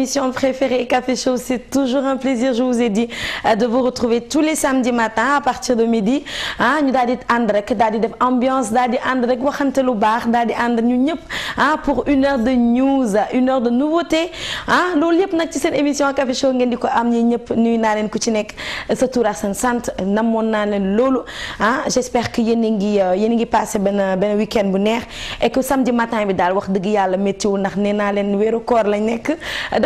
émission préférée Café chaud C'est toujours un plaisir, je vous ai dit, euh, de vous retrouver tous les samedis matin à partir de midi. ah ñu daal di ànd rek daal di def ambiance daal di ànd rek waxante lu baax daal di ànd ah pour une heure de news une heure de nouveautés ah loolu yëpp nag ci émission Café chaud ngeen di ko am ñi ñëpp nuyu naa ku ci nekk sa ah, j'espère que yéen a ngi ben ben ngi week-end bu neex et que samedi matin bi daal wax dëgg yàlla météo ndax nee naa leen koor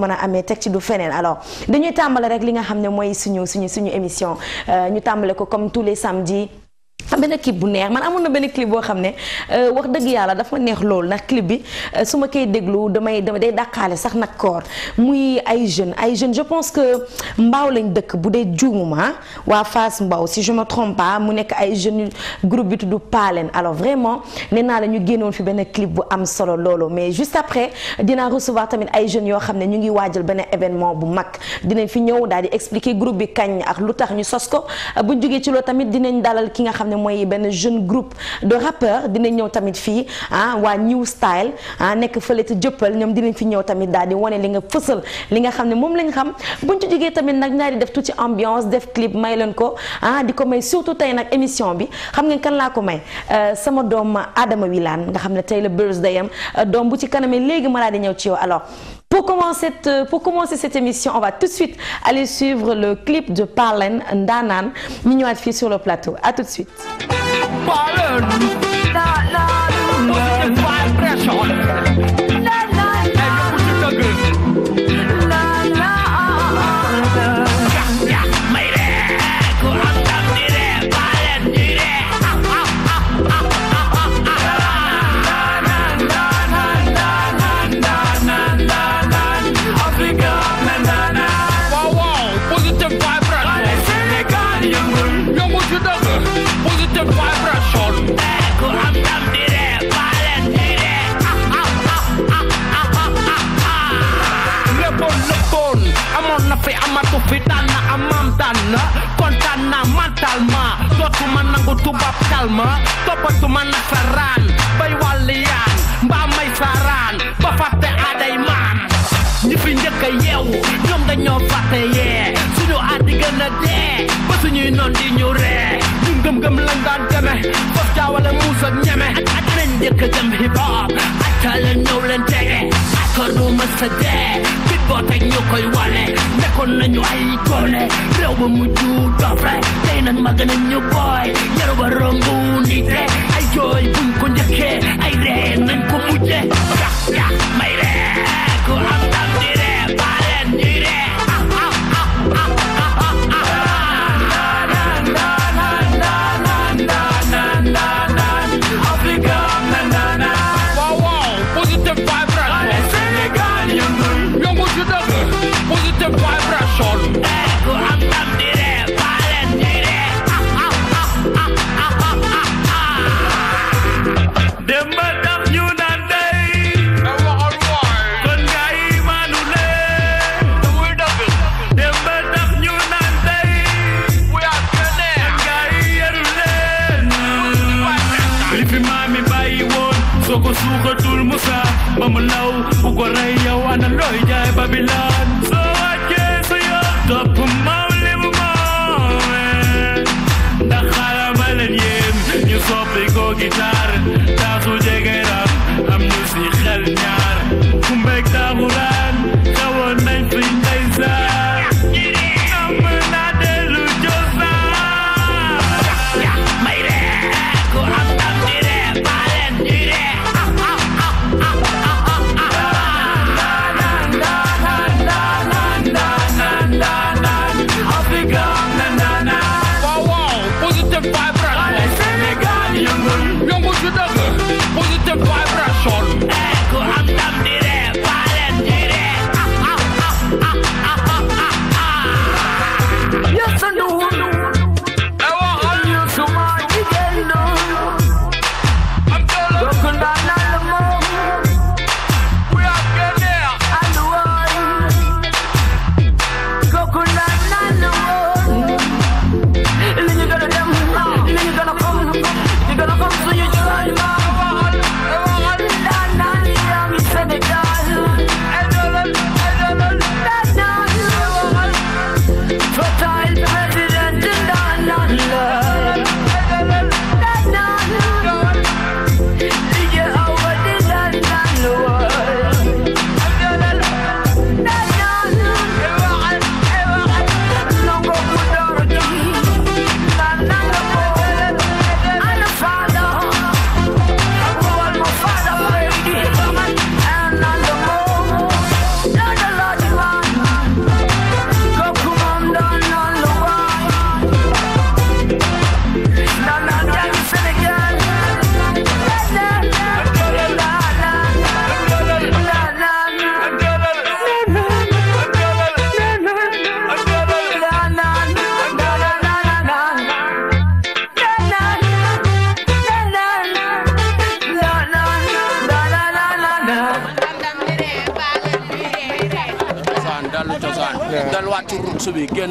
mën amé tek ci du fenen alors dañuy tàmbale rek li nga xamné moy suñu suñu suñu émission euh, ñu tambalé ko comme tous les samedis am benn clip bu neex man amuna na clip bo xamne ne euh, wax deug yalla dafa neex loolu nak clip bi euh, suma kay deglu déglu damay day dàqaale sax nak koor muy ay jeune ay jeune je pense que mbaaw lañ deuk bu dee juumuma waa Fass si je me trompe pas mu nekk ay jeune groupe bi tudd Palen. alors vraiment nee naa la ñu génnoon fi benn clip bu am solo lolo mais juste après dina recevoir tamit ay jeune yo xamne ñu ngi wajjal benn événement bu mak dinañ fi ñew dal di expliquer groupe bi kañ ak lutax ñu sosko ko buñ jógee ci loolu tamit dinañ dalal ki nga xamne ne mooy benn jeune groupe de rappeurs dinañ ñëw tamit fii ah waa New Style ah, nekk fële ca jëppal ñoom dinañ fi ñëw tamit daal di wane li nga fësal li nga xam ne moom lañ xam buñ ci jógee tamit nag ñaari def tuuti ambiance def clip may leen ko ah di ko may surtout tey nag émission bi xam ngeen kan laa ko may euh, sama doom Adama Wilane nga xam ne tey la birthday am euh, doom bu ci kanamee léegi ma laa di ñëw ci yow alors Euh, pour commencer, cette, émission, on va tout de suite aller suivre le clip de Parlen Ndanan, Mignon fille sur le plateau. A tout de suite. calma, dopo tu manna ferran, vai wallian, ba mai faran, ba fatte ada iman. Ni finde ke yeu, nyom da nyom fatte ye, sudo adi gana de, ba sunyi non di nyure. Nyum gam gam langdan keme, ba fjawala musa nyeme, adi nindi ke jam hip hop, adi talen nolen tege. karnım sede Bitbotek nyokoy wale Nekon na nyo ay kone Rewa mo yu dofre Tainan maganin nyo boy ba? barang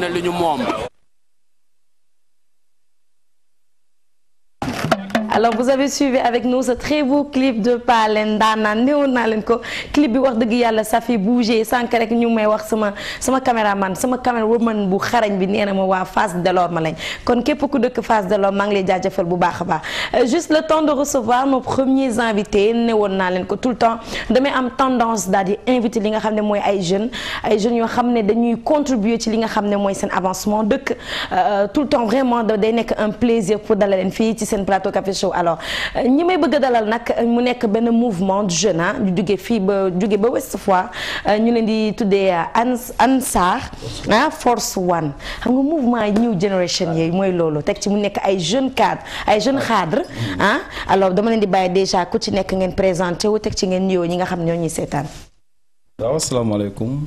ne li ñu vous avez suivi avec nous ce très beau clip de Palendana, daanaan ko clip bi wax dëgg ça fait bouger Sans rek ñu may wax sama sama caméraman sama caméra woman bu xarañ bi nee na ma face de l'homme. lañ kon képp ku beaucoup de Delorme maa ngi lay jaajëfal bu baax a euh, juste le temps de recevoir nos premiers invités néewoon tout le temps damay am tendance daal inviter invité li nga xam ne ay jeunes ay jeunes yoo xam dañuy contribuer ci li nga xam ne mooy avancement euh, euh, tout le temps vraiment de nekk un plaisir pour d'aller en fii ci seen plateau Café Show alors euh, ñi may bëgg a dalal nag euh, mu nekk benn mouvement de jeunes ah ñu jugee fii ba jugee ba Ouest Foire euh, ñu leen di tuddee Ansar ah Force One xam nga mouvement new generation yooyu mooy loolu teg ci mu nekk ay jeunes cadres ay jeunes cadres ah alors dama leen di bàyyi déjà ku ci nekk ngeen présenté wu teg ci ngeen nuyoo ñi nga xam ñoo ñuy seetaan. waaw asalaamaaleykum.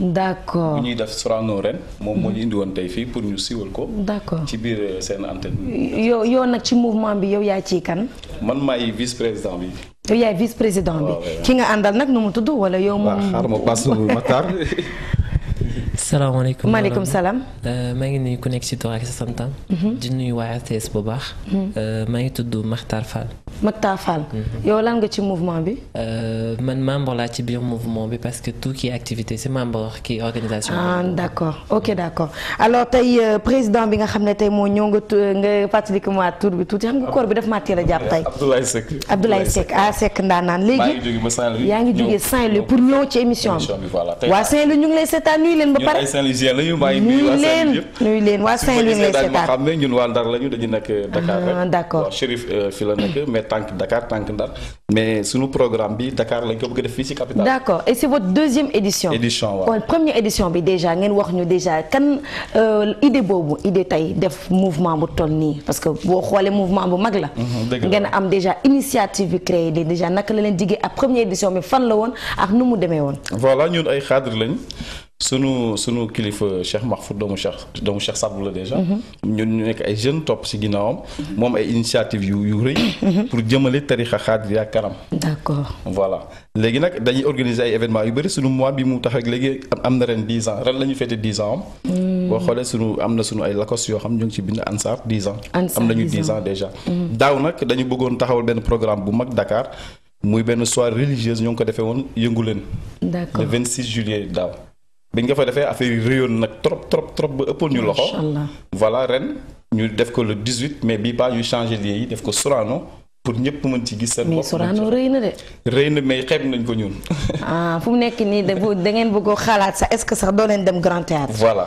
d'accord bu ñuy def Sorano ren. moom moo ñu indi woon tey fii pour ñu siwal ko. d'accord ci biir euh, seen antenne. yow yow nag ci mouvement bi yow yaa ci kan. man maay vice président bi. yow yaay vice président ki nga àndal nag nu mu tudd wala yow. moom xaar ma paas na mu Matar. salaamaaleykum maaleykum salaam. Euh, maa ngi nuyu ku nekk ci tur ak sa santam. Mhm. di nuyu waa RTS bu baax. Mhm. Euh, maa ngi tudd Makhtar Fall. Mactar mhm. yow lan nga ci mouvement bi. euh man membre la ci biir mouvement bi parce que tout qui est activité c'est membre qui organisation. ah d'accord ok d'accord alors tay euh, président bi nga xamné tay mo moo ñëw nga nga fàttali ko ma tur bi tout xam nga koor bi daf ma teel japp tay Abdoulaye Seck Abdoulaye Seck a ah, Seck ndaanaan légui yaa ngi jógee Saint-Louis pour ñoo ci émission bi. waa Saint-Louis ñu ngi lay seetaan nuyu leen ba paré saint louis pare. nuyu leen nuyu leen wa Saint-Louis ñu ngi lay xamné ñun waa Ndar lañu dañu nekk Dakar ah, rek. d'accord cherif euh, fi la nekk tank Dakar tank Ndar mais suñu programme bi Dakar lañ ko bëgg def fi capitale. d'accord et c'est votre deuxième édition. édition waaw première édition bi déjà ngeen wax ñu déjà kan euh, idée bobu idée tay def mouvement bu toll parce que bo xolé mouvement bu mag mhm, la. ngeen am déjà initiative créée, créé déjà nak la leen diggé à première édition mais fan la won ak nu mu démé won voilà ñun ay cadre lañ. Ce qu'il faut, cher Marfou, dont Cheikh Sable déjà, nous sommes des jeunes top si nous avons une initiative mhm. pour dire que nous avons des caram. D'accord. Voilà. Les gens qui ont organisé un événement, nous avons 10 ans. Nous avons 10 ans. Nous avons fait 10 ans. Nous avons fait 10 ans. Nous avons fait 10 ans. Nous avons 10 ans déjà. Nous avons fait un programme pour Mac Dakar. Nous avons une soirée religieuse. Nous avons fait un D'accord. Le 26 juillet. D'accord biñ ko fa defee affaire yi réyoon nag trop trop trop ba ëppoon ñu loxo. voilà ren ñu def ko le 18 mais bii baa ñu changé lieu yi def ko Sorano pour ñëpp mën ci gis seen mais Sorano rëy na de. rëy na mais xeeb nañ ko ñun. ah fu mu nekk nii da ngeen bëgg xalaat sax est-ce que sax doo leen dem Grand Théâtre. voilà.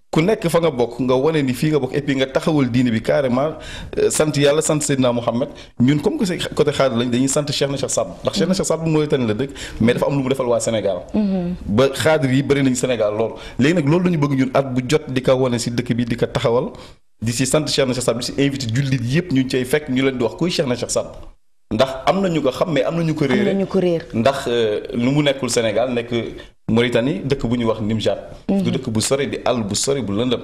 ku nekk fa nga bokk nga wane ni fii nga bokk et puis nga taxawal diine bi carrément euh, sant yàlla sant Seydina Mouhamed ñun comme que côté xaadir lañ mm-hmm. ba xaadir yi bëri nañu Sénégal lool léegi nag bi di ko taxawal di si sant Cheikhna Cheikh Saad di si invité jullit yëpp ñu ngi cay fekk ñu leen di wax kuy Cheikhna Cheikh Saad ndax am na ñu ko xam mais am na ñu ko réere ndax euh, lu mu nekkul Sénégal nekk Mauritanie dëkk bu ñuy wax Nimjat. Mhm. du dëkk bu sori bi àll bu sori bu lëndëm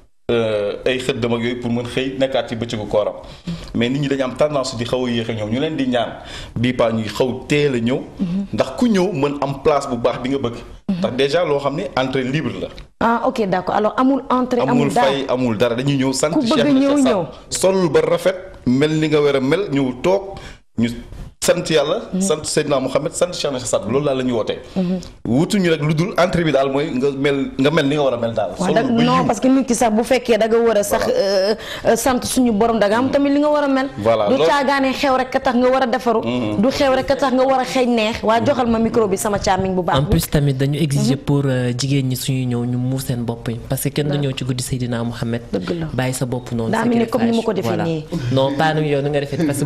Euh, ay xëddam ak yooyu pour mën xëy nekkaat ci bëccëgu kooram mais nit ñi dañu am tendance di xaw a yéex a ñëw ñu leen di ñaan bii paa ñuy xaw teel a ñëw mhm. ndax ku ñëw mën am place bu baax bi nga bëgg mhm. ndax déjà loo xam ne entrée libre la ah ok d'accord alors amul entrée amul fay amul dara dañuy ñëw sant ba rafet mel ni nga war a mel ñëw toog ñu sant yàlla mhm. sant Seydina Mouhamed sant Cheikh Nassir Sadou loolu daal la ñuy wootee. Mhm. wutuñu rek lu dul entrée bi daal mooy nga mel nga mel ni nga war a mel daal. solo non parce que nit ki sax bu fekkee da nga war a sax euh, euh, sant suñu borom da nga am mhm. tamit li nga war a mel. voilà du caagaane xew rek ka tax nga war a defaru. du xew rek ka tax nga war a xeeñ neex. waa joxal ma micro bi sama càmmiñ bu baax. en plus tamit dañu exiger pour euh, jigéen ñi suñu ñëw ñu muur seen bopp yi. parce que kenn du ñëw ci guddi Seydina Mouhamed. dëgg la bàyyi sa bopp noonu. daa mel ni comme ni ma ko defee nii. non pas yow ni nga defee parce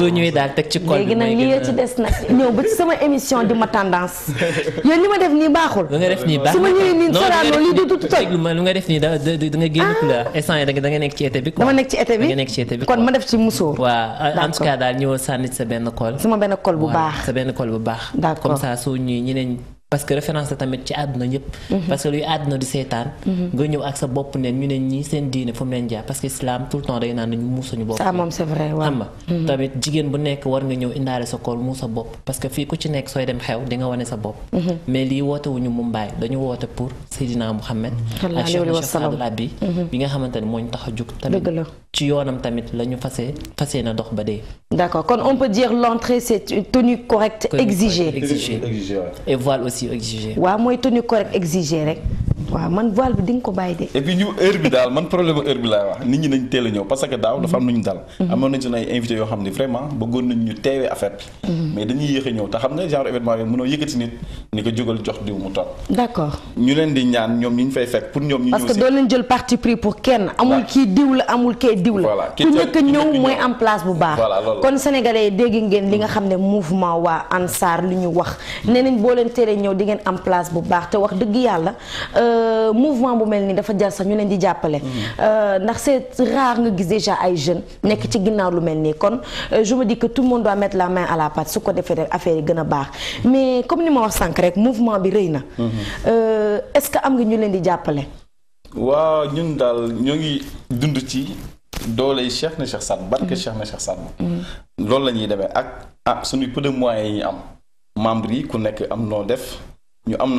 que nii daal teg ci col bi léegi nag lii ci des nag ñëw ba sama émission di ma tendance yéen li ma def nii baaxul. ba nga def nii baax su ma ñëwee nii Sorano lu nga def nii da da nga génn couleur ah. instant yi da nekk ci été bi quoi. dama nekk ci été bi nekk ci bi kon ma def ci musóor. waaw en tout cas daal ñëwoon sànni sa benn col. sama benn col bu baax sa benn col bu baax. comme ça soo ñuy ñeneen parce que référence tamit ci aduna ñep mhm. parce que luy aduna du seetaan. Mhm. nga ñëw ak sa bop ne ñu ne ñii seen diine fu mu leen jaar parce que islam tout temps day naan ñu muus suñu ça mom c'est vrai wa xam mhm. tamit jigen bu nekk war nga ñëw indaale sa kool muus bop parce que fi ku ci nekk soy dem xew di nga wone sa bop mais li woote wu ñu Mumbaay dañu wote pour sayidina Mouhamed. ak Cheikh wasallam bi. bi nga xamante moñ taxajuk tamit ci yoonam tamit lañu fassé fassé na dox ba dé d'accord kon on peut dire l'entrée c'est tenue correcte exigée. exigée et voile aussi correctes yu exigé. waaw mooy tenue correcte exigée rek. waaw man voile bi ding ko baye de. et puis ñu heure bi dal man problème heure bi lay wax nit ñi nañ teel a ñëw parce que daaw dafa am nañu dal. Mhm. am nañ seen ay invités yo xamni vraiment bëggoon nañ ñu téwé affaire mhm. mais dañuy yéex a ñëw te xam nga genre événement yooyu mëno yëkëti nit ni ko jogal jox diw mu toog. d'accord ñu leen di ñaan ñom ñu fay fekk pour ñom ñu ñëw parce que do leen jël parti pris pour kenn amul ki diw la amul ke diw la. ku njëkk ñëw moy am place bu baax. kon sénégalais dégg ngeen li nga xamné mouvement wa ANSAR li ñu wax mhm. nee bo leen teelee ñëw di ngeen am place bu baax te wax dëgg yalla euh euh, mouvement bu melni dafa ñu di euh, rare nga déjà ay jeunes nek ci lu euh, je me dis que tout le monde doit mettre la main à la pâte su ko defee affaire yi gëna mais comme ni mo wax mouvement bi mhm. est-ce que am nga ñu leen di jappalé waaw ñun dund ci Cheikh na Cheikh barke mhm. Cheikh Cheikh mhm. ak ah peu de moyens yi am membre yi ku am def ñu am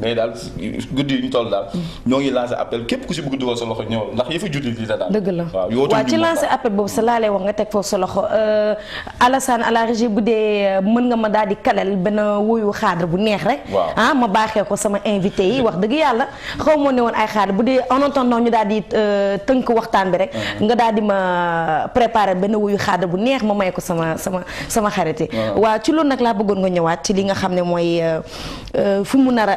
mais daal guddi yi ñu toll daal ñoo ngi lancé appel képp ku si bëgg dugal sa loxo ndax yëfa julli li la daal dëgg la waaw ci lancé appel boobu sa laalee wax nga teg foofu sa loxo euh, Alassane à la bu dee euh, mën nga ma daal di kalal benn woyu xaadar bu neex rek ah ma baaxee ko sama invité yi wax dëgg yàlla xaw ma ne woon ay xaadar bu dee en attendant ñu daal di euh, tënk waxtaan bi rek uh-huh. nga daal di ma préparé benn wuyu xaadar bu neex ma may ko sama sama sama xarit yi uh-huh. waaw ci loolu nag laa bëggoon nga ñëwaat ci li nga xam ne mooy fu mu nar a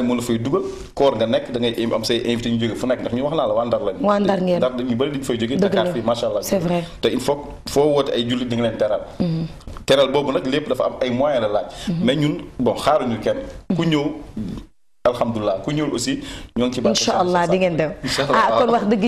bàyyi mu la fay dugal koor nga nek da ngay am say invité ñu jóge fu nek ndax ñu wax na la wandar Ndar lañ waa ngeen ndax ñu bëri dañu fay jóge Dakar fii macha allah c'est vrai te il faut fo wote ay jullit di nga leen teral mhm. teral bobu nak lepp dafa am ay moyens la laaj mhm. mais ñun bon xaru ñu kenn ku mhm. ñëw alhamdulilah ku ñuul aussi ñoo ngi ci baax incha allah di dem ah kon wax dëgg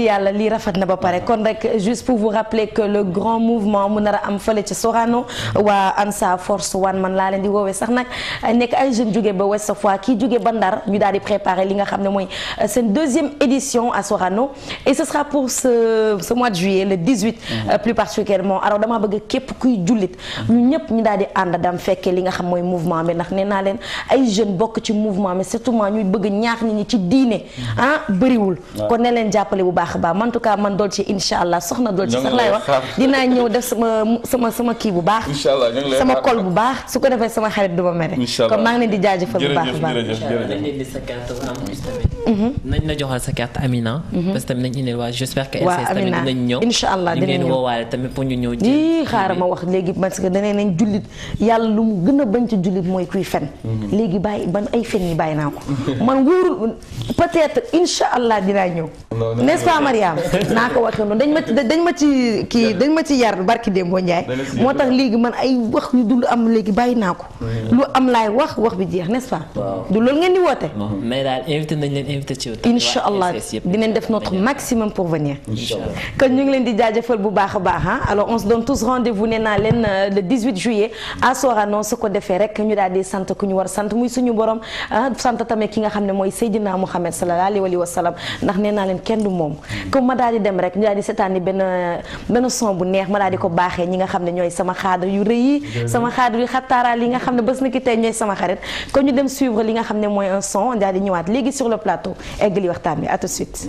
na ba kon rek juste pour vous rappeler que le grand mouvement mu nar am fële ci Sorano mm-hmm. wa ANSA force one man laa leen di wowe sax nak nek ay jeune jóge ba West Foire ki jóge Bandar ñu daal di préparer li nga xamné moy c'est euh, une deuxième édition à Sorano et ce sera pour ce ce mois de juillet le 18 mm-hmm. euh, plus particulièrement alors dama bëgg képp kuy jullit mm-hmm. ñu ñëpp ñu daal di ànd dam féké li nga xam moy mouvement mais nak nee naa ay jeune bok ci mouvement bi surtout franchement ñuy bëgg ñaax nit ñi ci diine ah bëriwul kon ne leen jàppale bu baax a baax en tout cas man Dolce incha allah soxna Dolce sax laay wax dinaa ñëw def sama sama sama kii bu baax sama kol bu baax su ko defee sama xarit du ma mere kon maa ngi leen di jaajëfal bu baax a baax mhm. nañ la joxal sa carte Amina mhm. parce que tamit nañ indil waa j'espère que waa Amina dinañ ñëw incha allah dinañ woowaale tamit pour ñu ñëw ji xaaral ma wax léegi parce que danee nañ jullit yàlla lu mu mooy kuy fen mhm. man wóorul peut-être incha allah dinaa ñëw. n'est-ce pas Mariam naa ko waxee noonu dañ ma ci dañ ma ci kii dañ ma ci yar barki boo Ndiaye. moo tax léegi man ay wax ñu dul am léegi bàyyi naa ko. lu am laay wax wax bi jeex n'est-ce pas. du loolu ngeen di woote. mais daal invité nañ leen invité ci incha allah dinañ def notre maximum pour venir. kon ñu ngi leen di jaajëfal bu baax a baax alors on se donne rendez-vous nee naa leen euh, le 18 juillet à Sorano su ko defee rek ñu daal di sant ku ñu war sant muy suñu borom sant xamee ki nga xam ne mooy Seydina Mouhamed sallallahu alayhi wa ndax nee leen kenn moom comme ma daal di dem rek ñu daal di seetaan ni benn benn bu neex ma daal di ko baaxee ñi nga xam ne ñooy sama xaadar yu rëy yi sama xaadar yu xattaaraal yi nga xam ne ba na ki tey ñooy sama xarit kon ñu dem suivre li nga xam ne mooy un son daal di ñëwaat léegi sur le plateau egg li waxtaan bi à tout de suite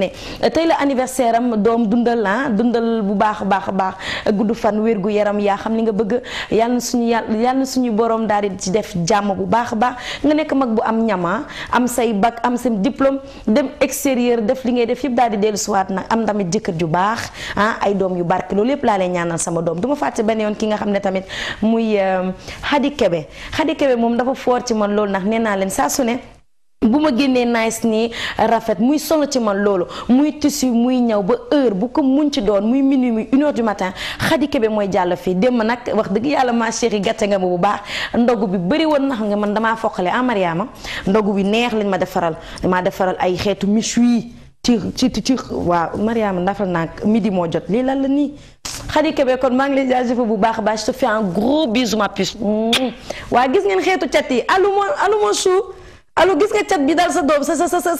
tey la anniversaire am doom dundal ah dundal bu baax a baax a baax gudd fan wér gu yaram yaa xam ni nga bëgg yàlla na suñu yàlla na suñu borom daal di ci def jàmm bu baax a baax nga nekk mag bu am ñama ah am say bac am sa diplôme dem extérieur def li ngay def yëpp daal di dellu siwaat nag am tamit jëkkër ju baax ah ay doom yu barke loolu yépp laa lay ñaanal sama doom du ma fàtte benn yoon ki nga xam ne tamit muy Xadi Kebe Xadi Kebe moom dafa foor ci man loolu nag nee naa leen saa su ne bu ma génnee nice nii rafet muy solo ci man loolu muy tissu muy ñaw ba heure bu comme muñ ci doon muy minuit muy une heure du matin Khady Kébé mooy jàll fii démb nag wax dëgg yàlla ma chérie gàtte nga ma bu baax ndogu bi bëri woon na xam nga man damaa foqale ah Mariama ndogu bi neex lañ ma defaral damaa defaral ay xeetu miss méchoui ci ci ci waaw Mariama ndafal naag midi moo jot lii lan la nii Khady kebe kon maa ngi lay fa bu baax a baax je te fais un gros bisou ma puce waa allo gis nga cat bi daal sa doom sa sa sa sa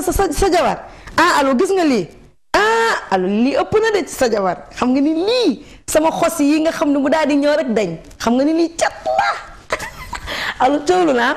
sa sa jabar ah allo gis nga lii ah allo lii ëpp na de ci sa jabar xam nga ni lii sama xos yi nga xam ne mu daal di ñëw rek dañ xam nga ni lii cat la allo coolu naa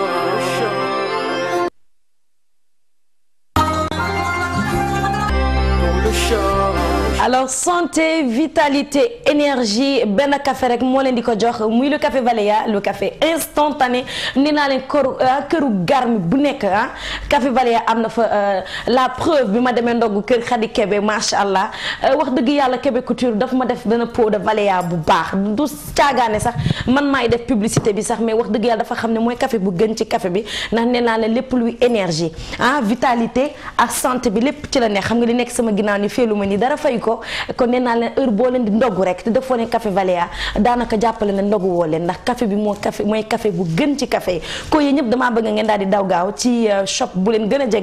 alors santé vitalité énergie benn café rek moi leen di ko jox muy le café Valéa le café instantané nina l'en leen euh, garmi bu nekk ah, café Valéa amna na fa euh, la preuve bima ma dogu ndogg kër Khady Kébé macha allah euh, wax dëgg yàlla Kébé couture daf ma def benn pot de Valéa bu baax dou caagaane sax man maay def publicité bi sax mais wax dëgg yàlla dafa xam ne café bu gën ci café bi nan nee naa leen énergie ah vitalité à santé bi lépp ci la ne xam nga li nekk sama ni féelu ma ni dara fay ko kon nena naa heure bo len di ndogu rek te defoo ne café Valéa daanaka jàppale na ndogu wo len ndax café bi mo café moy café bu gën ci café ko yéen ñëpp damaa bëgg ngeen daal di daw gaaw ci euh, shop bu len gëna a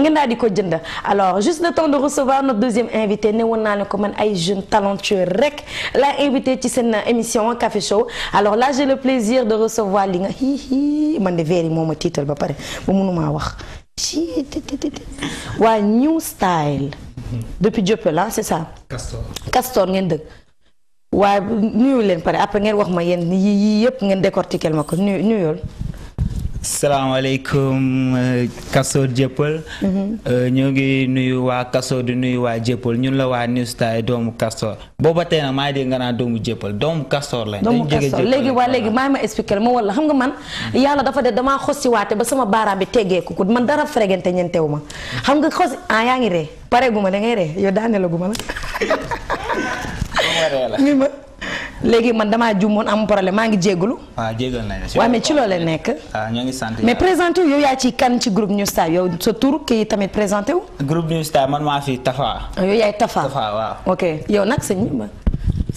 ngeen daal di ko jënd alors juste le temps de recevoir notre deuxième invité né woon naa leen ko man ay jeune talentueux rek la invité ci sen euh, émission café show alors là j'ai le plaisir de recevoir li nga hi man de verre yi moo ma tiital ba pare ba mënumaa wax ci new style depuis Diopela c'est ça. Castor Castor ngeen dëkk. waaye nuyu leen pare après ngeen wax ma yéen yii yëpp ngeen décortiquer ma ko nuyu nuyul. salaamaaleykum euh, Castor Dieuppeul mhm. ñoo ngi nuyu waa Castor di nuyu waa Dieuppeul ñun la waa New Style doomu Castor booba tey nag maa ngi nga naa doomu Dieuppeul doomu Castor lañ. doomu Castor léegi waa léegi maa ma expliqué ma wala xam nga man. Mhm. yàlla dafa de damaa xosi waate ba sama baaraam bi teggeeku ko man dara frégenté ñeentewu ma xam nga xos ah yaa ngi pare gu ma da ngay ree yow daane la gu ma la. mi ma léegi man damaa juumoon am problème maa ngi jégalu. Ah, waaw jégal nañ la waaw mais ci loolee nekk. waaw ah, ngi sant mais présenté wu yow yaa ci kan ci groupe New Star yow sa tur kii tamit présenté wu. groupe New man maa fi Tafa. Ah, yow yaay Tafa Tafa ok yow nag sëñ bi.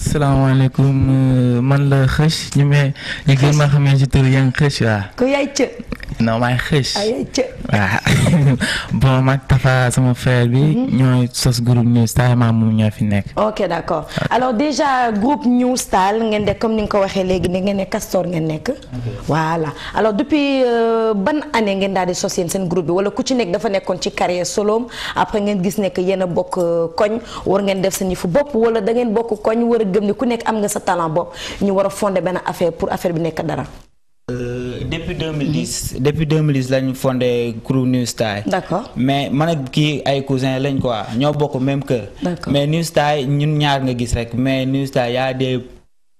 salaamaaleykum euh, man la xëcc ñu may ñu gën ma xamee ci tur yaa ngi xëcc waaw. ku yaay cë. non maa ngi xëcc. waaw bon mag Tafa sama frère bi. Mhm. ñooy sos groupe New Style maa moom ñoo fi nekk. ok d' accord alors déjà groupe New Style ngeen de comme ni nga ko waxee léegi ni ngeen ne Castor ngeen nekk. voilà alors depuis euh, ban année ngeen daal di sos yéen seen groupe bi wala ku ci nekk dafa nekkoon ci carrière soloom après ngeen gis nekk que yéen a bokk euh, koñ war ngeen def seen fu bopp wala da ngeen bokk koñ war a gëm ne ku nekk am nga sa talent bopp ñu war a fondé benn affaire pour affaire bi nekk dara. Euh, depuis 2010 mm -hmm. depuis 2010 lañ fondé New Style. mais man ak kii ay cousin lañ quoi ñoo bokk même kër. mais New Style ñun ñaar nga gis rek mais New Style y a des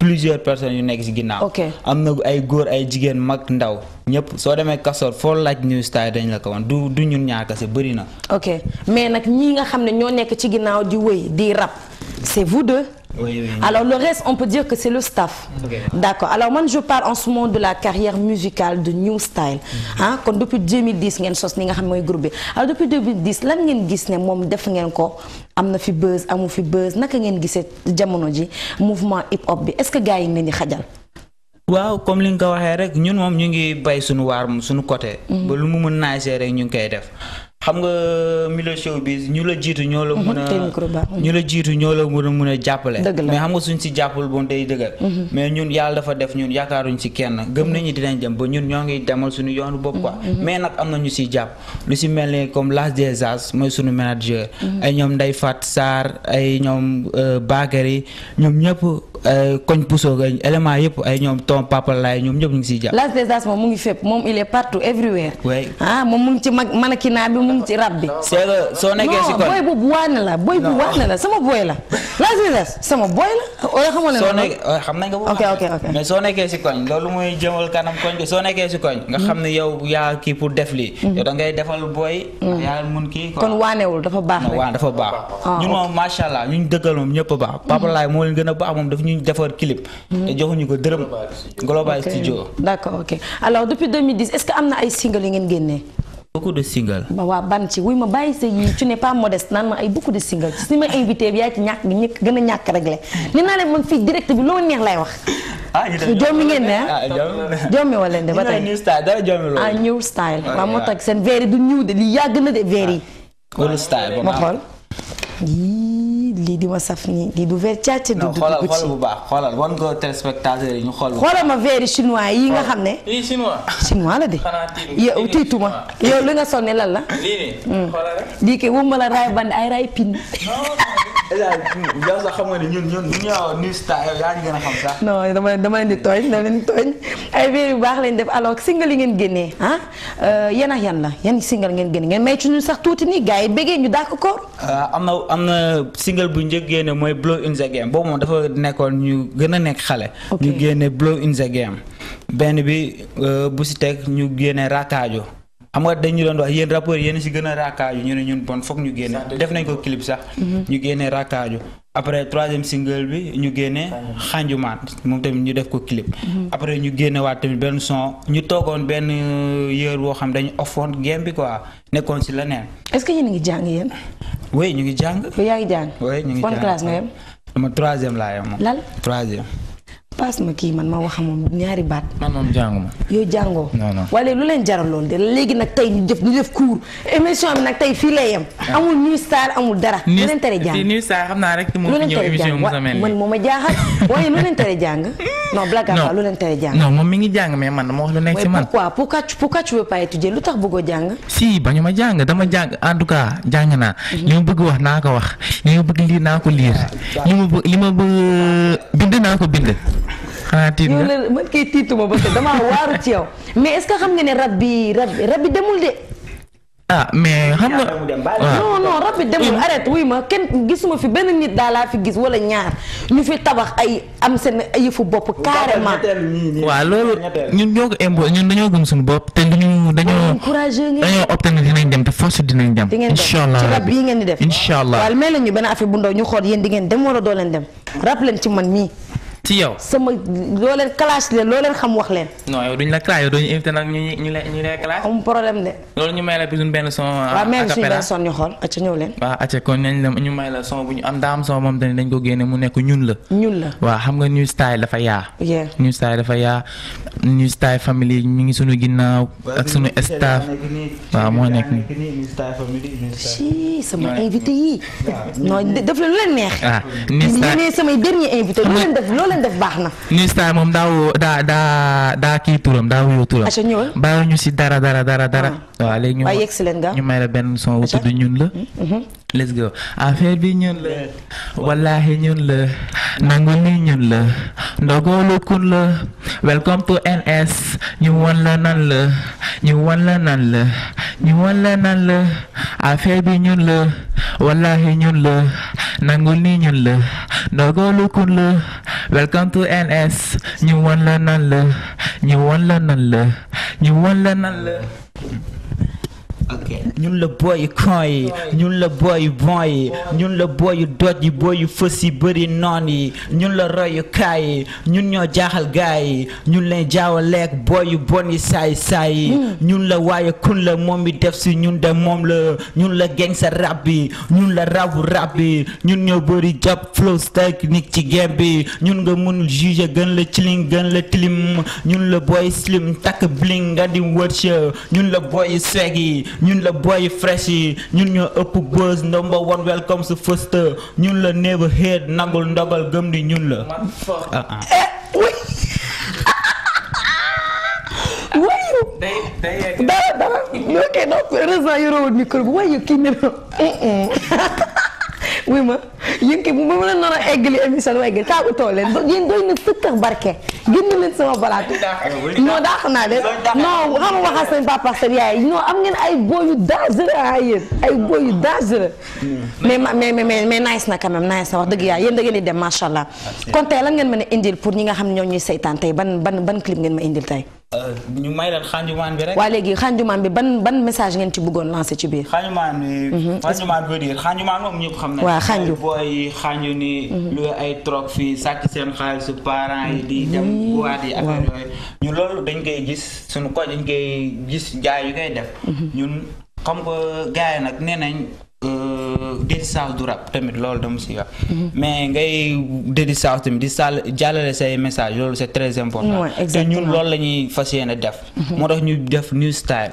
plusieurs personnes yu nekk ci ginnaaw. am na ay góor ay jigéen mag ndaw ñëpp soo demee Castor foo laaj New Style dañ la ko wan du du ñun ñaar kese bëri na. mais nag ñii nga xam ne ñoo nekk ci ginnaaw di wëy di rap c'est vous deux. Alors le reste, on peut dire que c'est le staff. D'accord. Alors moi, je parle en ce moment de la carrière musicale de New Style. Mhm. Hein? Quand depuis 2010, vous sos ni groupe Alors depuis 2010, lan ngeen gis ne moom def ngeen ko amna fi buzz amu fi buzz naka ngeen jamono ji mouvement hip hop bi est-ce que gars yi ngeen ni xajal. waaw comme li nga nous avons, rek ñun mom ñu ngi bay suñu war suñu côté. Mhm. ba lu mu mën naasee rek ñu koy def. xam nga milieu showbiz ñu la jiitu ñoo la a ñu la jiitu ñoo la mën a mën a jàppale mais xam nga suñ si jàppul bon day dëggal mhm. mais ñun yàlla dafa def ñun yaakaaruñ si kenn gëm nañu dinañ dem ba ñun ñoo ngi demal suñu yoonu bopp quoi mhm, mhm. mais nag am na ñu siy jàpp lu si mel ni comme l'As des As mooy suñu manager ay ñoom Ndeye Fat Sarr ay ñoom euh, Bakary ñoom ñëpp Euh, koñ puso gañ élément yëpp ay ñoom tom papa laay ñoom ñëpp ñu ngi siy jàpp. las des as moom mu ngi fépp moom il est partout everywhere. oui ah moom mu soo nekkee si kon non booy boobu waane la booy bu soo nekk xam nga xam ne yow yaa kii pour def lii. Mm-hmm. yow da ngay defal booy. Mm-hmm. yaa mun kii kon waanewul dafa baax rek. waaw dafa ah, allah ñun dëkkal moom ñëpp a baax papa mm-hmm. moo leen gën a baax moom daf ñu ñuy defar clip. te mm-hmm. joxuñu ko dërëm. Global Studio d' accord ok alors depuis 2010 est ce que am na ay single yu ngeen génnee. beaucoup de single. waa ban ci wuy ma bàyyi sa yi tu n'es pas modeste naan ma ay beaucoup de single ci si ma invité bi yaa ci ñàkk bi ñëkk gën a ñàkk réglé nee naa leen man fii direct bi loo neex lay wax. ah jommi ngeen ne ah, ah jommi wala leen de ba tey new style dara jommi loolu ah new style ah, waaw moo tax seen verre du ñëw de lii yàgg na de verre yi. Ah. old style ba ma xool. lii di ma saf nii lii du verre càcc. du dugg ko ci bu baax xoolal wan ko téléspectateur yi ñu xool. xoolal ma verre chinois yi nga xam ne. chinois. la de. yow tiituma yow li nga sonne lan la. lii nii. Mm. xoolal lii kay wóobu ma la raay band ay raay pin. yow sax xam nga ni ñun ñun ñoo new star yow yaa ñu gën a ¿ah? xam sax. non dama dama leen di tooñ dama leen tooñ ay biir yu baax lañ def alors single yi ngeen génnee ah euh, yan ak yan la yan single ngeen génne ngeen may ci ñu sax tuuti ni gars yi bëggee ñu dàq koor. Euh, am na am na single bu njëkk génne mooy blow in the game boobu moom dafa nekkoon ñu gën a nekk xale. ñu génne blow in the game benn bi euh, bu si teg ñu génne raakaajo. xam nga dañu doon wax yéen rappeurs yéen si gën a raakaaju ñu ne ñun bon foog ñu génne def nañ ko clip sax mhm. ñu génnee raakaaju après troisième single bi ñu génne xanjumaat moom tamit ñu def ko clip mhm. après ñu génne waat tamit benn son ñu toogoon benn yër woo xam dañu offoon game bi quoi nekkoon si leneen est-ce que yéen ngi jàng yéen oui ñu ngi jàng yaa ngi jàng oui ñu ngi jàng ban classe nga laa yem moom lan paas ma kii man ma wax moom ñaari baat. man moom jànguma. yow jàngoo. non non wala lu leen jaral loolu de léegi nag tey ñu jëf ñu def cours émission bi nag tey fii lay yem. Ah. amul New Star amul dara. lu leen tere jàng New Star xam naa rek. lu leen tere jàng man moom ma jaaxal. waaye lu leen tere jàng. non lu leen tere jàng. moom mi ngi jàng mais man dama wax lu nekk ci man. pourquoi pourquoi pourquoi tu veux pas étudier lu tax bëggoo jàng. si bañu ma jàng dama jàng en tout cas jàng naa. Mhm. li ma bëgg wax naa ko wax li ma bëgg lii naa ko liir ah, li ma bëgg bind naa ko bind xanaa tiit nga yow man kay tiituma ba te damaa waaru ci yow mais est-ce xam nga ne rab bi rab bi rab bi demul de. ah mais xam nga non non rab bi demul mm. arrête wuy ma kenn gisuma fi benn nit daa laa fi gis wala ñaar ñu fi tabax ay am seen yëfu bopp carrément. waaw loolu ñun ñoo ko imbo ñun dañoo gëm suñu bopp te dañoo dañoo oh, dañoo opté ne dinañ dem te ngeen di def. incha allah waaw mel nañu benn affaire bu ñu xool yéen di ngeen dem wala doo leen dem. rab leen ci man mii. ci yow sama loo leen clash leen loo leen xam wax leen. non yow duñ la clash yow duñu invité nag ñu ñu ñu lay problème de. loolu ñu may la suñu benn son. waaw may la suñu benn son ñu xool acca ñëw leen. waaw acca kon ñu may la son bu ñu am daa am son moom tamit dañ ko génne mu nekk ñun la. ñun la waaw xam nga new style dafa yaa. new style dafa yaa new style family ñu ngi suñu ginnaaw. ak suñu staff. waaw moo nekk nii. si sama invité yi. non def leen lu leen neex. waaw ah, new style leen def baax na. News Time moom daa woo daa daa daa kii turam daa wuyoo turam. aca ñëwal bàyyi ñu si dara dara dara dara. Ah. waaw léegi ñu may la benn son wu tudd ñun la. Mm-hmm. let's go affaire bi ñun la wallahi ñun la nangu ni ñun la ndogoolu kun la welcome to NS ñu wan la nan la ñu wan la nan la ñu wan la nan la affaire bi ñun la wallahi ñun la nangu ni ñun la ndogoolu kun la welcome to NS ñu wan la nan la ñu wan la nan la ñu wan la nan la ñun la booy yu con yi ñun la booy yu bon yi ñun la booy yu doj yi booy yu fës yi bëri noon yi ñun la roy yu kaay yi ñun ñoo jaaxal gaay yi ñun lay jaawaleek booy yu bon yi saay saay yi ñun la waaye kun la moom mi def si ñun de moom la ñun la geng sa rab bi ñun la rabu rab bi ñun ñoo bëri jàpp flow technique ci game bi ñun nga mënul juge gën la ciling gën la tilim ñun la booy slim takk bling nga di wërcë ñun la booy sweg yi ñun la boy fresh yi ñun ñoo ëpp buzz number one welcome su first ñun la never head nangul ndogal gëm ni ñun la eh, wayu dara dara ok donc heureusement yorewul micro bi wayu kii ne wuy ma yënki bu ma leen noonu a eggali émission ma eggali taagu too leen yéen doy na sëkk barke génn leen sama balaatu non daax naa leen non xam nga seen papa seen yaay am ngeen ay boy yu dangereux ah yéen ay boy yu dangereux mais mais mais mais nice na quand même nice na wax dëgg yàlla yéen da di dem macha allah kon tey ngeen mën a indil pur ñi nga xam ne ñoo ñuy saytaan tey ban ban ban clip ngeen ma indil tey Euh, ñu may leen xaanjumaan bi rek. waa léegi xaanjumaan bi ban ban message ngeen ci bëggoon lancer ci biir. xaanjumaan bi. Mhm. xaanjumaan veut dire xaanjumaan moom ñëpp xam nañu. waaw xaanju booy xaanju ni. Mhm. lu ay troc fii sàcc seen xaalisu parents yi di mhm. dem. boîte yi affaire ñu loolu dañ koy gis suñu ko dañ koy gis jaay yu koy def. ñun xam ko gars nag nee nañ. Euh, dédicage du rap tamit loolu dama si wax mhm. mais ngay dédicage tamit di sàll jàllale say message loolu c'est très important te ñun loolu la fas yéene def mhm. moo tax ñu def new style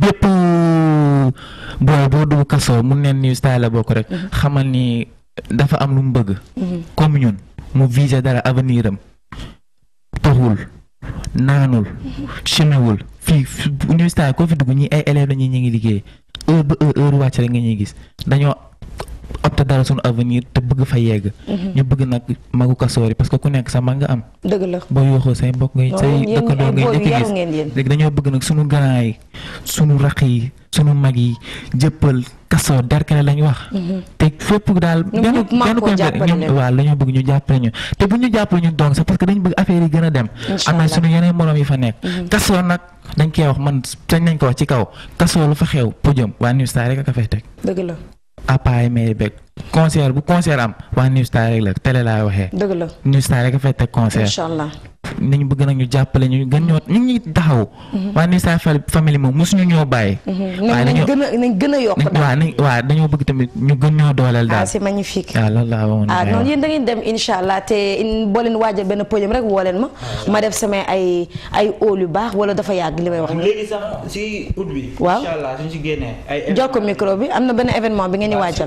bépp euh, booy boo dugg kaso mu neen ni style la bokk rek mhm. xamal ni dafa am lu mu bëgg mhm. comme ñun mu visé dara avenir am toxul naanul mhm. chimiwul fii université koo ñi ay élèves lañuy ñu ngi liggéey heure ba heure heure wàcc rek nga ñuy gis dañoo opté dara suñu avenir te bëgg fa yegg. Mhm. ñu bëgg nag magu kasoor yi parce que ku nekk sa mag nga am. dëgg la boo yooxoo say mbokk ngay say dëkkandoo ngay njëkk gis dañoo bëgg nag sunu grand yi sunu raq yi sunu mag yi jëppal kasoor derkale lañ wax. Mhm. te fépp daal. benn benn ko ñoom waaw la bëgg ñu jàppale ñu te bu ñu jàppale ñu sax parce que dañu bëgg affaire yi gën a dem. am na sunu yeneen moroom yi fa nekk. Mhm. kasoor nag dañ koy wax man sañ nañ ko wax ci kaw kasoor lu fa xew pojam waa New rek a ka teg. apa yang back concert bu concert am waa New Star rek la télé laay waxee. dëgg la New Star rek a fay teg concert. incha allah nañ bëgg nag ñu jàppale ñu gën ñoo ñu ngi taxaw. Mhm. waa New Star mhm. a a ñu gën ñoo dooleel daal. ah magnifique. waaw ah, loolu laa noonu ah, yéen da ngeen dem incha allah te boo leen waajal benn podium rek woo leen ma. ma def samay ay ay óol yu baax wala dafa yàgg li may wax. léegi sax si août bi. waaw incha allah suñ bi am na benn événement bi ngeen di waajal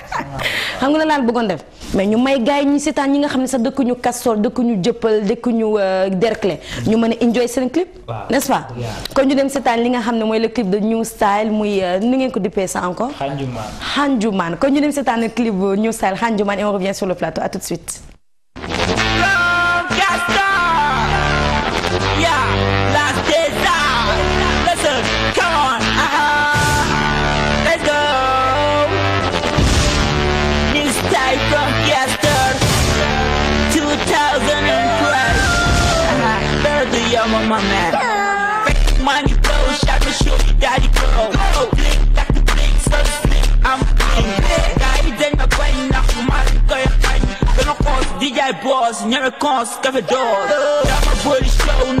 xam nga la laan bëggoon def mais ñu may gars yi ñu seetaan ñi nga xam ne sax dëkkuñu Castor dëkkuñu Jëppal dëkkuñu euh, Derklé ñu mën a enjoy seen clip n'est-ce pas kon ñu dem seetaan li nga xam ne mooy le clip de New Style muy euh, ni ngeen ko dippee ça encore Xanjumaan Xanjumaan ñu dem seetaan clip New Style Xanjumaan et on revient sur le plateau à tout de suite my man. money blow, shot to show you daddy go. Go, blink, got the blink, so slick, I'm playing. Guy, then I'm going now for my guy. Gonna cause DJ boss, never cause, cover doors. Got my body show,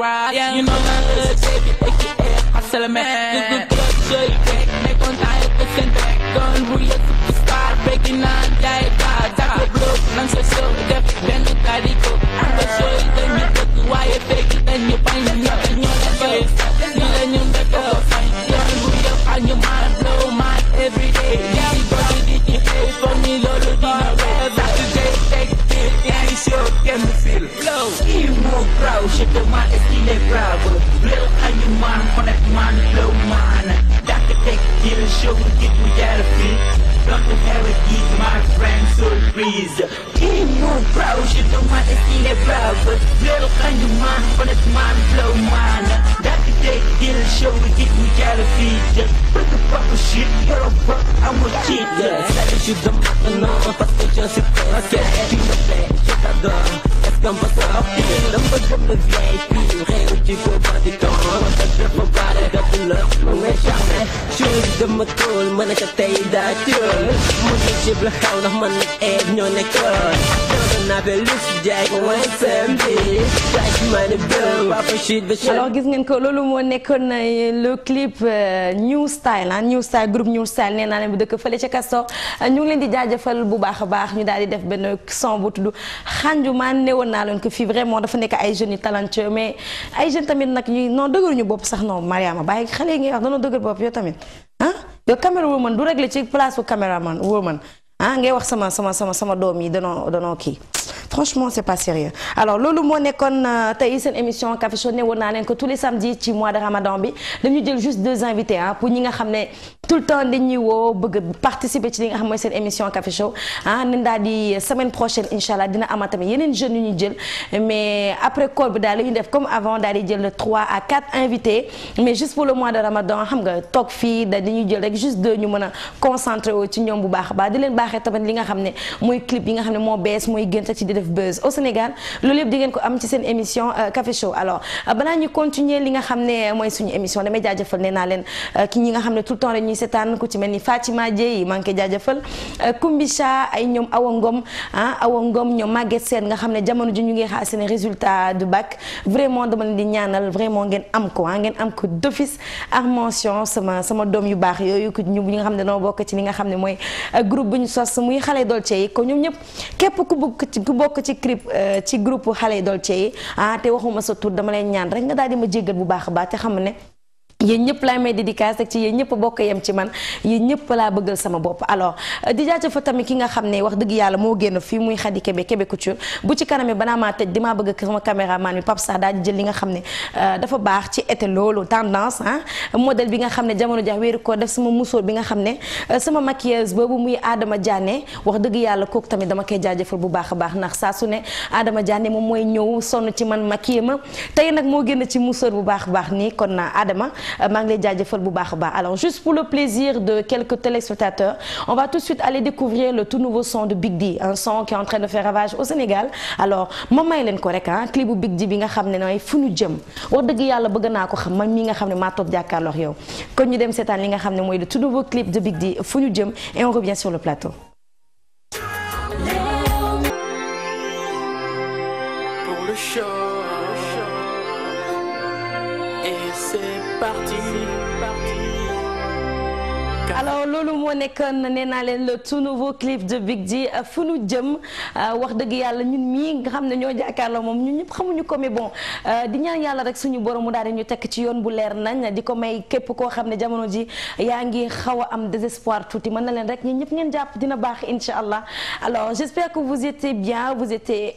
that's why. Yeah. You know Jiblahaw na man egg nyo na kon na belus jaay ko way samedi jaay ma ne beu ba fa shit ba alors gis ngeen ko loolu moo nekkoon le clip new style ah new style groupe new style nee naa leen bu dëkk fële ca Castor ñu ngi leen di jaajëfal bu baax a baax ñu daal di def benn son bu tudd xanjumaan newoon naa leen ko fii vraiment dafa nekk ay jeunes yu talentueux mais ay jeunes tamit nag ñuy non dëgëruñu bopp sax non Mariama bàyyi xale yi ngay wax dañoo dëgër bopp yow tamit ah yow caméra woman du réglé ci place bu caméraman woman ah ngay wax sama sama sama sama doom yi dano danoo kii franchement c'est pas sérieux alors loolu moo nekkoon euh, tey sen émission Café Show ne woon ko tous les samedis ci mois de Ramadan bi dañu jël juste deux invités hein pour ñi nga xam tout le temps des nouveaux bëgg participer ci li nga xam émission Café Show ah nañ di semaine prochaine inchallah dina amata yeneen jeunes ñu jël mais après koor bi def comme avant daal le 3 à 4 invités mais juste pour le mois de Ramadan xam nga toog fii dañuy jël rek juste deux ñu mëna a concentré ci ñom bu baax ba di leen baaxee tamen li nga xamné moy clip yi nga xamné mo moo moy mooy gën ci di def buzz au Sénégal loolu yëpp di ngeen ko am ci seen émission euh, Café Show alors euh, bana ñu continuer li nga xamné moy suñu émission damay jaajëfal né na leen euh, ki ñi nga xamné tout le temps rek seetaan ko ci mel ni Fatima Dieye maa ngi koy jaajëfal euh, Kumbicha ay ñoom Awa ngoom ah Awa ngoom ñoom Maguette Sène nga xam ne jamono ji ñu ngi xaar seen résultat du bac vraiment dama leen ñaanal vraiment ngeen am ko ah ngeen am ko d'office ak mention sama sama doom yu baax yooyu ku ñu ñi nga xam ne noo bokk ci li nga xam ne mooy euh, groupe bu ñu sos muy xale dolce yi ko ñoom ñëpp képp ku bokk ci ku bokk ci crip euh, ci groupe xale dolce yi ah te waxuma sa tur dama leen ñaan rek nga daal di ma jéggal bu baax a baax te xam ne yéen ñëpp laa may dédicace rek ci yéen ñëpp bokk yem ci man yéen ñëpp laa bëggal sama bopp alors euh, di jaajëf fa tamit ki nga xam ne wax dëgg yàlla moo génn fii muy Khady Kébé Kébé bu ci kanamee banaa maa tëj damaa bëgg sama caméraman bi Pape Sarr daal di jël li nga xam ne euh, dafa baax ci été tendance ah modèle bi nga xam ne jamono jax wéeru ko def sama musóor bi nga xam ne euh, sama maquilleuse boobu muy Adama Diané wax dëgg yàlla kooku tamit dama koy jaajëfal bu baax a baax ndax saa su ne Adama Diané moom mooy ñëw sonn ci man maquillé ma tey nag moo génn ci musóor bu baax a baax nii kon naa Adama Euh, alors juste pour le plaisir de quelques téléspectateurs on va tout de suite aller découvrir le tout nouveau son de Big D un son qui est en train de faire ravage au Sénégal alors maman vais ko ah, clip de Big D bi nga je je le nouveau clip de Big D et on revient sur le plateau loolu mo nekkoon nee naa le tout nouveau clip de Big Di euh, fu nu jëm euh, wax deug yalla ñun mi nga xam ne ñoo jàkkaarloo moom ñun ñep xamuñu ko mais bon euh, di ñaan yalla rek suñu borom mu daal di ñu tekk ci yoon bu leer nañ di ko may képp ko xam jamono ji yaangi xawa am désespoir touti mën na len rek ñun ñep ngeen japp dina bax inshallah alors j'espère que vous étiez bien vous étiez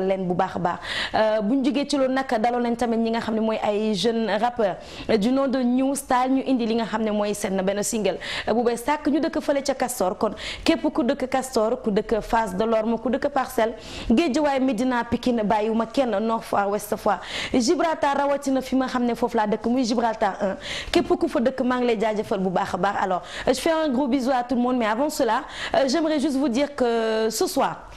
xool leen bu baax a euh buñu ñu ci loolu nak daloo leen tamen ñi nga xam ne ay jeune rappeur du nom de New Style ñu indi li nga xamné moy sen ben single euh, bu bay sak ñu dëkk feulé ci Castor kon képp ku dëkk Castor ku dëkk de l'orme ku dëkk parcel Parcelles way medina Pikine bàyyiwuma kenn north Foire west Foire Gibraltar rawati na fi ma xamné fofu la dëkk muy Gibraltar 1 képp ku fa dëkk ma ngi lay jaajëfal bu baax a baax alors je fais un gros bisou à tout le monde mais avant cela euh, j'aimerais juste vous dire que euh, ce soir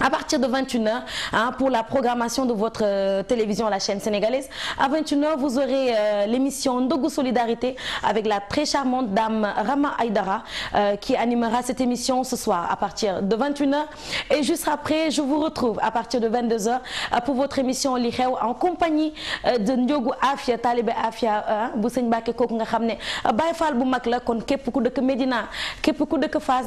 à partir de 21h hein, pour la programmation de votre euh, télévision à la chaîne sénégalaise. À 21h, vous aurez euh, l'émission Ndogo Solidarité avec la très charmante dame Rama Aydara euh, qui animera cette émission ce soir à partir de 21h. Et juste après, je vous retrouve à partir de 22h pour votre émission Liheu en compagnie de Ndogu Afia, Talibé Afia, Bousseigne Baké Kok nga xamné Baye Fall bu mak la kon kep ku deuk Médina kep ku deuk Fass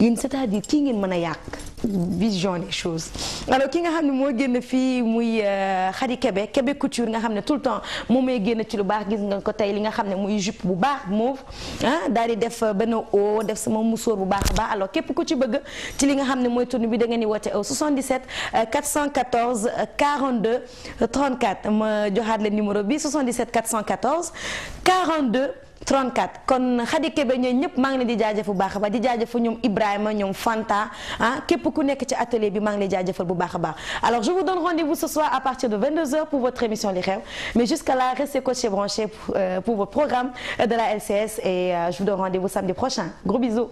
yéen c'est-à-dire kii ngeen mën a yàq vision ki nga xam ne moo génn fii muy euh, Khady kebe kebe couture nga xam ne tout le temps moo may génn ci lu baax gis nga ko tey li nga xam ne muy jupe bu baax moo ah daal di def euh, benn o def sama musóor bu baax a baax alors képp ku ci bëgg ci li nga xam ne mooy tourne bi da ngeen di woote au 77 414 42 34 ma joxaat leen numéro bi 77 414 42 34 kon Fanta alors je vous donne rendez-vous ce soir à partir de 22h pour votre émission les mais jusqu'à là restez coachés branchés euh, pour, votre programme de la LCS et euh, je vous donne rendez-vous samedi prochain gros bisous.